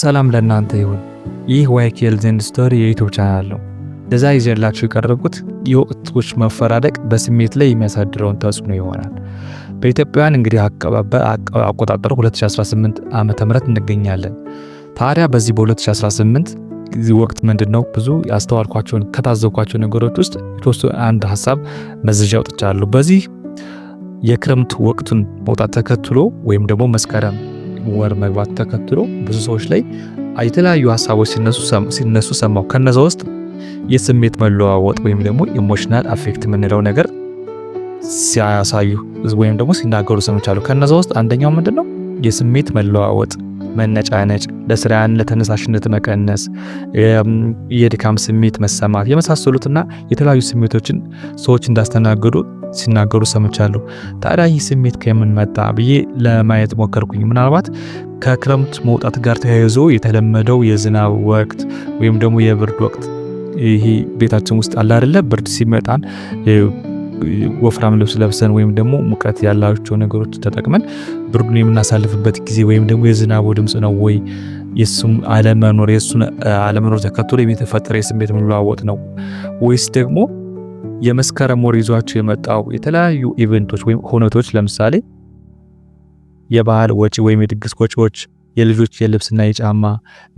ሰላም ለእናንተ ይሁን። ይህ ዋይኬል ዘንድ ስቶሪ የዩቱብ ቻናል ነው። ለዛ ይዘላችሁ የቀረብኩት የወቅቶች መፈራረቅ በስሜት ላይ የሚያሳድረውን ተጽዕኖ ይሆናል። በኢትዮጵያውያን እንግዲህ አቆጣጠሩ 2018 ዓ ም እንገኛለን። ታዲያ በዚህ በ2018 ወቅት ምንድን ነው ብዙ ያስተዋልኳቸውን ከታዘብኳቸው ነገሮች ውስጥ የተወሰኑ አንድ ሀሳብ መዘዣ አውጥቻለሁ። በዚህ የክረምት ወቅቱን መውጣት ተከትሎ ወይም ደግሞ መስከረም ወር መግባት ተከትሎ ብዙ ሰዎች ላይ የተለያዩ ሀሳቦች ሲነሱ ሰማሁ። ከነዛ ውስጥ የስሜት መለዋወጥ ወይም ደግሞ ኢሞሽናል አፌክት የምንለው ነገር ሲያሳዩ ወይም ደግሞ ሲናገሩ ሰምቻለሁ። ከነዛ ውስጥ አንደኛው ምንድን ነው የስሜት መለዋወጥ መነጫነጭ፣ ለስራያን ለተነሳሽነት መቀነስ፣ የድካም ስሜት መሰማት የመሳሰሉትና የተለያዩ ስሜቶችን ሰዎች እንዳስተናገዱ ሲናገሩ ሰምቻለሁ። ታዲያ ይህ ስሜት ከምን መጣ ብዬ ለማየት ሞከርኩኝ። ምናልባት ከክረምት መውጣት ጋር ተያይዞ የተለመደው የዝናብ ወቅት ወይም ደግሞ የብርድ ወቅት ይሄ ቤታችን ውስጥ አለ አይደለ? ብርድ ሲመጣን ወፍራም ልብስ ለብሰን ወይም ደግሞ ሙቀት ያላቸው ነገሮች ተጠቅመን ብርዱን የምናሳልፍበት ጊዜ ወይም ደግሞ የዝናቡ ድምፅ ነው ወይ የሱም አለመኖር የሱን አለመኖር ተከትሎ የሚተፈጠረ የስሜት መለዋወጥ ነው ወይስ ደግሞ የመስከረም ወር ይዟቸው የመጣው የተለያዩ ኢቨንቶች ወይም ሁነቶች ለምሳሌ የባህል ወጪ ወይም የድግስ ወጪዎች፣ የልጆች የልብስና የጫማ፣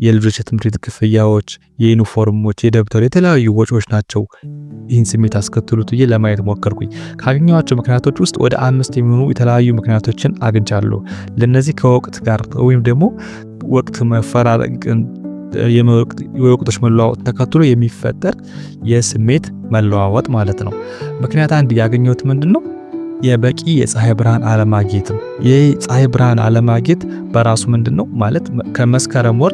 የልጆች የትምህርት ቤት ክፍያዎች፣ የዩኒፎርሞች፣ የደብተር የተለያዩ ወጪዎች ናቸው ይህን ስሜት አስከትሉት ብዬ ለማየት ሞከርኩኝ። ካገኘኋቸው ምክንያቶች ውስጥ ወደ አምስት የሚሆኑ የተለያዩ ምክንያቶችን አግኝቻለሁ። ለእነዚህ ከወቅት ጋር ወይም ደግሞ ወቅት መፈራረቅን የወቅቶች መለዋወጥ ተከትሎ የሚፈጠር የስሜት መለዋወጥ ማለት ነው። ምክንያት አንድ ያገኘሁት ምንድን ነው? የበቂ የፀሐይ ብርሃን አለማግኘት ነው። ይህ ፀሐይ ብርሃን አለማግኘት በራሱ ምንድን ነው ማለት ከመስከረም ወር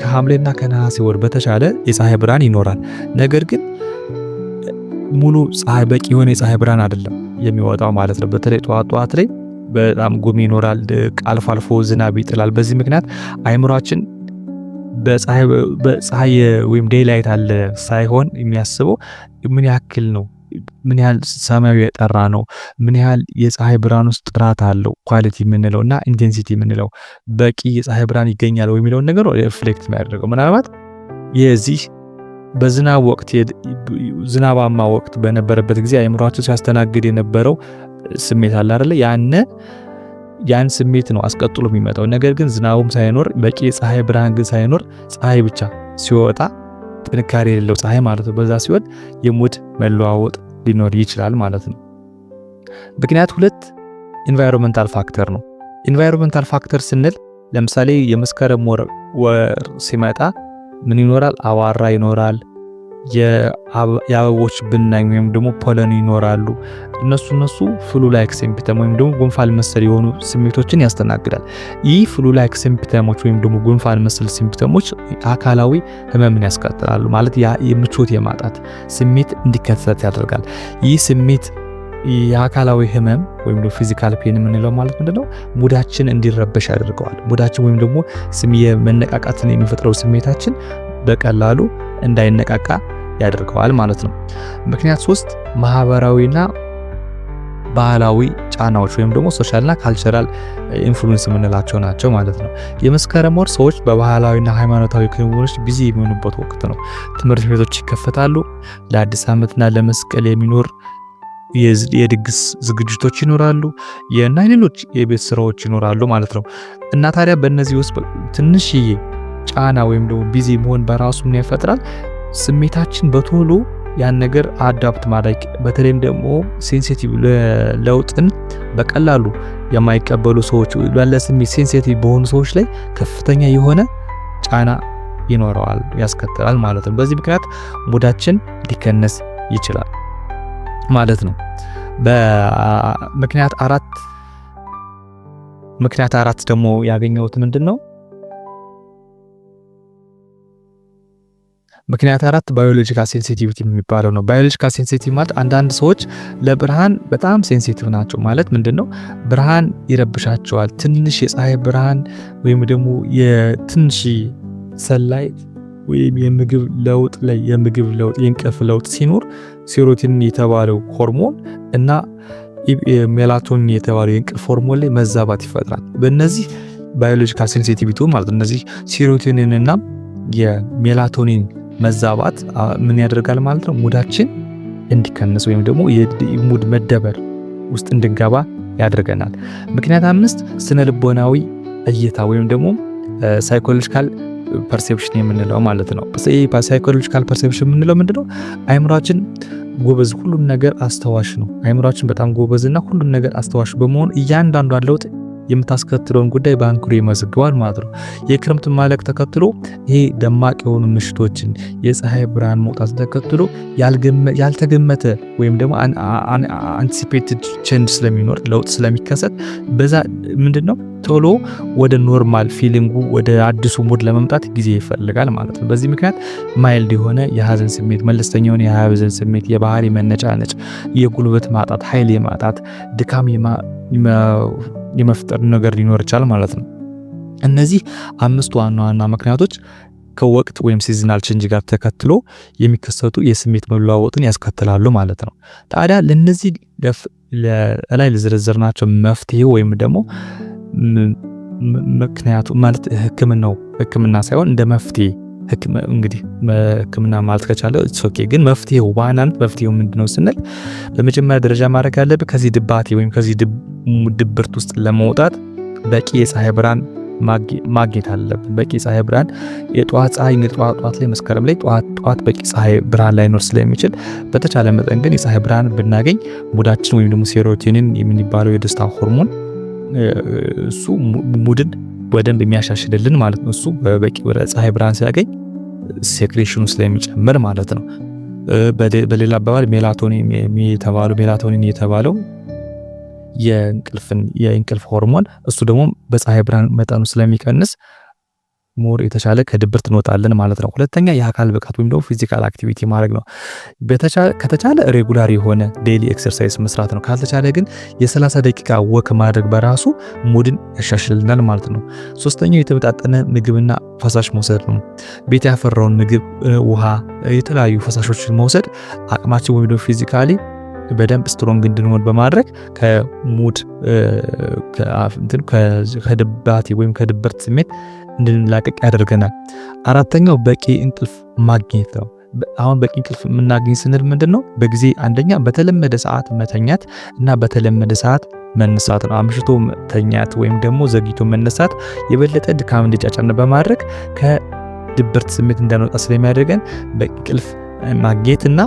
ከሐምሌና ከነሐሴ ወር በተሻለ የፀሐይ ብርሃን ይኖራል። ነገር ግን ሙሉ ፀሐይ በቂ የሆነ የፀሐይ ብርሃን አይደለም የሚወጣው ማለት ነው። በተለይ ጠዋት ጠዋት ላይ በጣም ጉም ይኖራል። አልፎ አልፎ ዝናብ ይጥላል። በዚህ ምክንያት አይምሯችን በፀሐይ ወይም ዴይላይት አለ ሳይሆን የሚያስበው ምን ያክል ነው፣ ምን ያህል ሰማዩ የጠራ ነው፣ ምን ያህል የፀሐይ ብርሃን ውስጥ ጥራት አለው ኳሊቲ የምንለው እና ኢንቴንሲቲ የምንለው በቂ የፀሐይ ብርሃን ይገኛል ወይ የሚለውን ነገር ሪፍሌክት የሚያደርገው ምናልባት የዚህ በዝናብ ወቅት ዝናባማ ወቅት በነበረበት ጊዜ አእምሯቸው ሲያስተናግድ የነበረው ስሜት አለ አይደለ ያነ ያን ስሜት ነው አስቀጥሎ የሚመጣው። ነገር ግን ዝናቡም ሳይኖር በቂ ፀሐይ ብርሃን ግን ሳይኖር ፀሐይ ብቻ ሲወጣ ጥንካሬ የሌለው ፀሐይ ማለት ነው። በዛ ሲወጥ የሙድ መለዋወጥ ሊኖር ይችላል ማለት ነው። ምክንያት ሁለት ኢንቫይሮንመንታል ፋክተር ነው። ኢንቫይሮንመንታል ፋክተር ስንል ለምሳሌ የመስከረም ወር ሲመጣ ምን ይኖራል? አዋራ ይኖራል። የአበቦች ብናኝ ወይም ደግሞ ፖለን ይኖራሉ። እነሱ እነሱ ፍሉ ላይክ ሲምፕተም ወይም ደግሞ ጉንፋን መሰል የሆኑ ስሜቶችን ያስተናግዳል። ይህ ፍሉ ላይክ ሲምፕተሞች ወይም ደግሞ ጉንፋን መሰል ሲምፕተሞች አካላዊ ህመምን ያስከትላሉ። ማለት የምቾት የማጣት ስሜት እንዲከሰት ያደርጋል። ይህ ስሜት የአካላዊ ህመም ወይም ደግሞ ፊዚካል ፔን የምንለው ማለት ምንድነው? ሙዳችን እንዲረበሽ ያደርገዋል። ሙዳችን ወይም ደግሞ የመነቃቃትን የሚፈጥረው ስሜታችን በቀላሉ እንዳይነቃቃ ያደርገዋል ማለት ነው። ምክንያት ሶስት ማህበራዊና ባህላዊ ጫናዎች ወይም ደግሞ ሶሻልና ካልቸራል ኢንፍሉዌንስ የምንላቸው ናቸው ማለት ነው። የመስከረም ወር ሰዎች በባህላዊና ሃይማኖታዊ ክንውኖች ቢዚ የሚሆኑበት ወቅት ነው። ትምህርት ቤቶች ይከፈታሉ። ለአዲስ ዓመትና ለመስቀል የሚኖር የድግስ ዝግጅቶች ይኖራሉ እና ሌሎች የቤት ስራዎች ይኖራሉ ማለት ነው እና ታዲያ በእነዚህ ውስጥ ትንሽዬ ጫና ወይም ደግሞ ቢዚ መሆን በራሱ ምን ይፈጥራል? ስሜታችን በቶሎ ያን ነገር አዳፕት ማድረግ በተለይም ደግሞ ሴንሲቲቭ ለውጥን በቀላሉ የማይቀበሉ ሰዎች ለስሜት ሴንሲቲቭ በሆኑ ሰዎች ላይ ከፍተኛ የሆነ ጫና ይኖረዋል ያስከትላል ማለት ነው። በዚህ ምክንያት ሙዳችን ሊከነስ ይችላል ማለት ነው። በምክንያት አራት ምክንያት አራት ደግሞ ያገኘሁት ምንድን ነው? ምክንያት አራት ባዮሎጂካል ሴንሲቲቪቲ የሚባለው ነው። ባዮሎጂካል ሴንሲቲቭ ማለት አንዳንድ ሰዎች ለብርሃን በጣም ሴንሲቲቭ ናቸው። ማለት ምንድን ነው? ብርሃን ይረብሻቸዋል። ትንሽ የፀሐይ ብርሃን ወይም ደግሞ የትንሽ ሰላይ ወይም የምግብ ለውጥ ላይ የምግብ ለውጥ የእንቅልፍ ለውጥ ሲኖር ሴሮቲን የተባለው ሆርሞን እና ሜላቶኒን የተባለው የእንቅልፍ ሆርሞን ላይ መዛባት ይፈጥራል። በእነዚህ ባዮሎጂካል ሴንሲቲቪቱ ማለት እነዚህ እና የሜላቶኒን መዛባት ምን ያደርጋል ማለት ነው ሙዳችን እንዲከነስ ወይም ደግሞ የሙድ መደበር ውስጥ እንድንገባ ያደርገናል። ምክንያት አምስት ስነ ልቦናዊ እይታ ወይም ደግሞ ሳይኮሎጂካል ፐርሴፕሽን የምንለው ማለት ነው። ሳይኮሎጂካል ፐርሴፕሽን የምንለው ምንድነው? አይምሯችን ጎበዝ፣ ሁሉን ነገር አስተዋሽ ነው። አይምሯችን በጣም ጎበዝና ሁሉን ነገር አስተዋሽ በመሆኑ እያንዳንዷን ለውጥ የምታስከትለውን ጉዳይ በአንክሮ ይመዘግባል ማለት ነው። የክረምት ማለቅ ተከትሎ ይሄ ደማቅ የሆኑ ምሽቶችን የፀሐይ ብርሃን መውጣት ተከትሎ ያልተገመተ ወይም ደግሞ አንቲሲፔትድ ቼንጅ ስለሚኖር ለውጥ ስለሚከሰት በዛ ምንድን ነው ቶሎ ወደ ኖርማል ፊሊንጉ ወደ አዲሱ ሙድ ለመምጣት ጊዜ ይፈልጋል ማለት ነው። በዚህ ምክንያት ማይልድ የሆነ የሀዘን ስሜት፣ መለስተኛውን የሀዘን ስሜት፣ የባህሪ መነጫነጭ፣ የጉልበት ማጣት፣ ኃይል የማጣት ድካም የመፍጠር ነገር ሊኖር ይችላል ማለት ነው። እነዚህ አምስት ዋና ዋና ምክንያቶች ከወቅት ወይም ሲዝናል ቼንጅ ጋር ተከትሎ የሚከሰቱ የስሜት መለዋወጥን ያስከትላሉ ማለት ነው። ታዲያ ለነዚህ ላይ ለዘረዘርናቸው መፍትሄ ወይም ደግሞ ምክንያቱ ማለት ሕክምናው ሕክምና ሳይሆን እንደ መፍትሄ እንግዲህ ህክምና ማለት ከቻለ ኦኬ። ግን መፍትሄ ዋናን መፍትሄው ምንድነው ስንል በመጀመሪያ ደረጃ ማድረግ ያለብህ ከዚህ ድባቴ ወይም ከዚህ ድብርት ውስጥ ለመውጣት በቂ የፀሐይ ብርሃን ማግኘት አለብን። በቂ ፀሐይ ብርሃን የጠዋት ፀሐይ እንግዲህ ጠዋት ጠዋት ላይ መስከረም ላይ ጠዋት ጠዋት በቂ ፀሐይ ብርሃን ላይኖር ስለሚችል በተቻለ መጠን ግን የፀሐይ ብርሃን ብናገኝ ሙዳችን ወይም ደግሞ ሴሮቲንን የሚባለው የደስታ ሆርሞን እሱ ሙድን በደንብ የሚያሻሽልልን ማለት ነው። እሱ በበቂ ፀሐይ ብርሃን ሲያገኝ ሴክሬሽኑ ስለሚጨምር ማለት ነው። በሌላ አባባል ሜላቶኒን የተባለው ሜላቶኒን የተባለው የእንቅልፍ ሆርሞን እሱ ደግሞ በፀሐይ ብርሃን መጠኑ ስለሚቀንስ ሞር የተሻለ ከድብርት እንወጣለን ማለት ነው። ሁለተኛ የአካል ብቃት ወይም ደግሞ ፊዚካል አክቲቪቲ ማድረግ ነው። ከተቻለ ሬጉላር የሆነ ዴይሊ ኤክሰርሳይዝ መስራት ነው። ካልተቻለ ግን የ30 ደቂቃ ወክ ማድረግ በራሱ ሙድን ያሻሽልናል ማለት ነው። ሶስተኛው የተመጣጠነ ምግብና ፈሳሽ መውሰድ ነው። ቤት ያፈራውን ምግብ፣ ውሃ፣ የተለያዩ ፈሳሾችን መውሰድ አቅማችን ወይም ደግሞ ፊዚካሊ በደንብ ስትሮንግ እንድንሆን በማድረግ ከሙድ ከድባቴ ወይም ከድብርት ስሜት እንድንላቀቅ ያደርገናል። አራተኛው በቂ እንቅልፍ ማግኘት ነው። አሁን በቂ እንቅልፍ የምናገኝ ስንል ምንድን ነው? በጊዜ አንደኛ በተለመደ ሰዓት መተኛት እና በተለመደ ሰዓት መነሳት ነው። አምሽቶ መተኛት ወይም ደግሞ ዘግይቶ መነሳት የበለጠ ድካም እንዲጫጫን በማድረግ ከድብርት ስሜት እንዳንወጣ ስለሚያደርገን በቂ እንቅልፍ ማግኘትና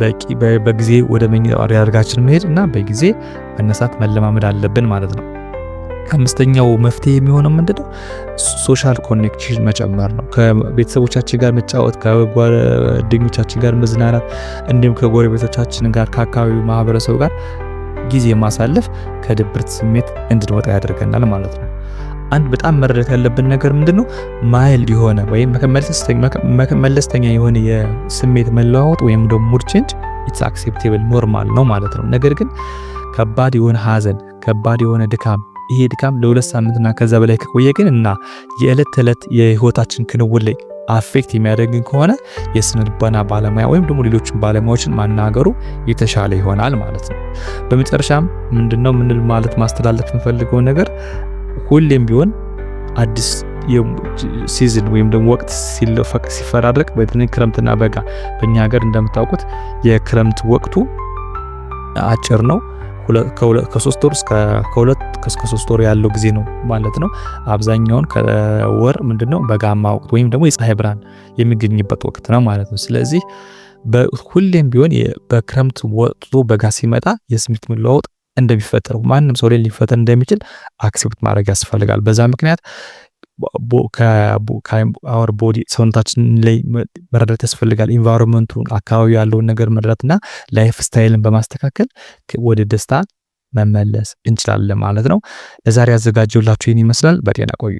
በቂ በጊዜ ወደ መኝታ አልጋችን መሄድ እና በጊዜ መነሳት መለማመድ አለብን ማለት ነው። አምስተኛው መፍትሄ የሚሆነው ምንድነው? ሶሻል ኮኔክሽን መጨመር ነው። ከቤተሰቦቻችን ጋር መጫወት፣ ከጓደኞቻችን ጋር መዝናናት፣ እንዲሁም ከጎረቤቶቻችን ጋር ከአካባቢው ማህበረሰብ ጋር ጊዜ ማሳለፍ ከድብርት ስሜት እንድንወጣ ያደርገናል ማለት ነው። አንድ በጣም መረዳት ያለብን ነገር ምንድነው ማይልድ የሆነ ወይም መለስተኛ የሆነ የስሜት መለዋወጥ ወይም ደግሞ ሙድ ቼንጅ ኢትስ አክሴፕቴብል ኖርማል ነው ማለት ነው። ነገር ግን ከባድ የሆነ ሀዘን ከባድ የሆነ ድካም ይሄ ድካም ለሁለት ሳምንትና ከዛ በላይ ከቆየ ግን እና የዕለት ተዕለት የህይወታችን ክንውን ላይ አፌክት የሚያደርግን ከሆነ የስነ ልቦና ባለሙያ ወይም ደግሞ ሌሎችን ባለሙያዎችን ማናገሩ የተሻለ ይሆናል ማለት ነው። በመጨረሻም ምንድነው ምንል ማለት ማስተላለፍ የምፈልገው ነገር ሁሌም ቢሆን አዲስ ሲዝን ወይም ደግሞ ወቅት ሲፈራረቅ፣ በተለይ ክረምትና በጋ በእኛ ሀገር እንደምታውቁት የክረምት ወቅቱ አጭር ነው። ከሶስት ወር ከሁለት እስከ ሶስት ወር ያለው ጊዜ ነው ማለት ነው። አብዛኛውን ከወር ምንድነው በጋማ ወቅት ወይም ደግሞ የፀሐይ ብርሃን የሚገኝበት ወቅት ነው ማለት ነው። ስለዚህ ሁሌም ቢሆን በክረምት ወጥቶ በጋ ሲመጣ የስሜት መለዋወጥ እንደሚፈጠር ማንም ሰው ላይ ሊፈጠር እንደሚችል አክሴፕት ማድረግ ያስፈልጋል። በዛ ምክንያት አወር ቦዲ ሰውነታችን ላይ መረዳት ያስፈልጋል። ኢንቫይሮንመንቱ አካባቢ ያለውን ነገር መረዳት ላይፍ ስታይልን በማስተካከል ወደ ደስታ መመለስ እንችላለን ማለት ነው። ለዛሬ ያዘጋጀውላችሁ ይህን ይመስላል። በጤና ቆዩ።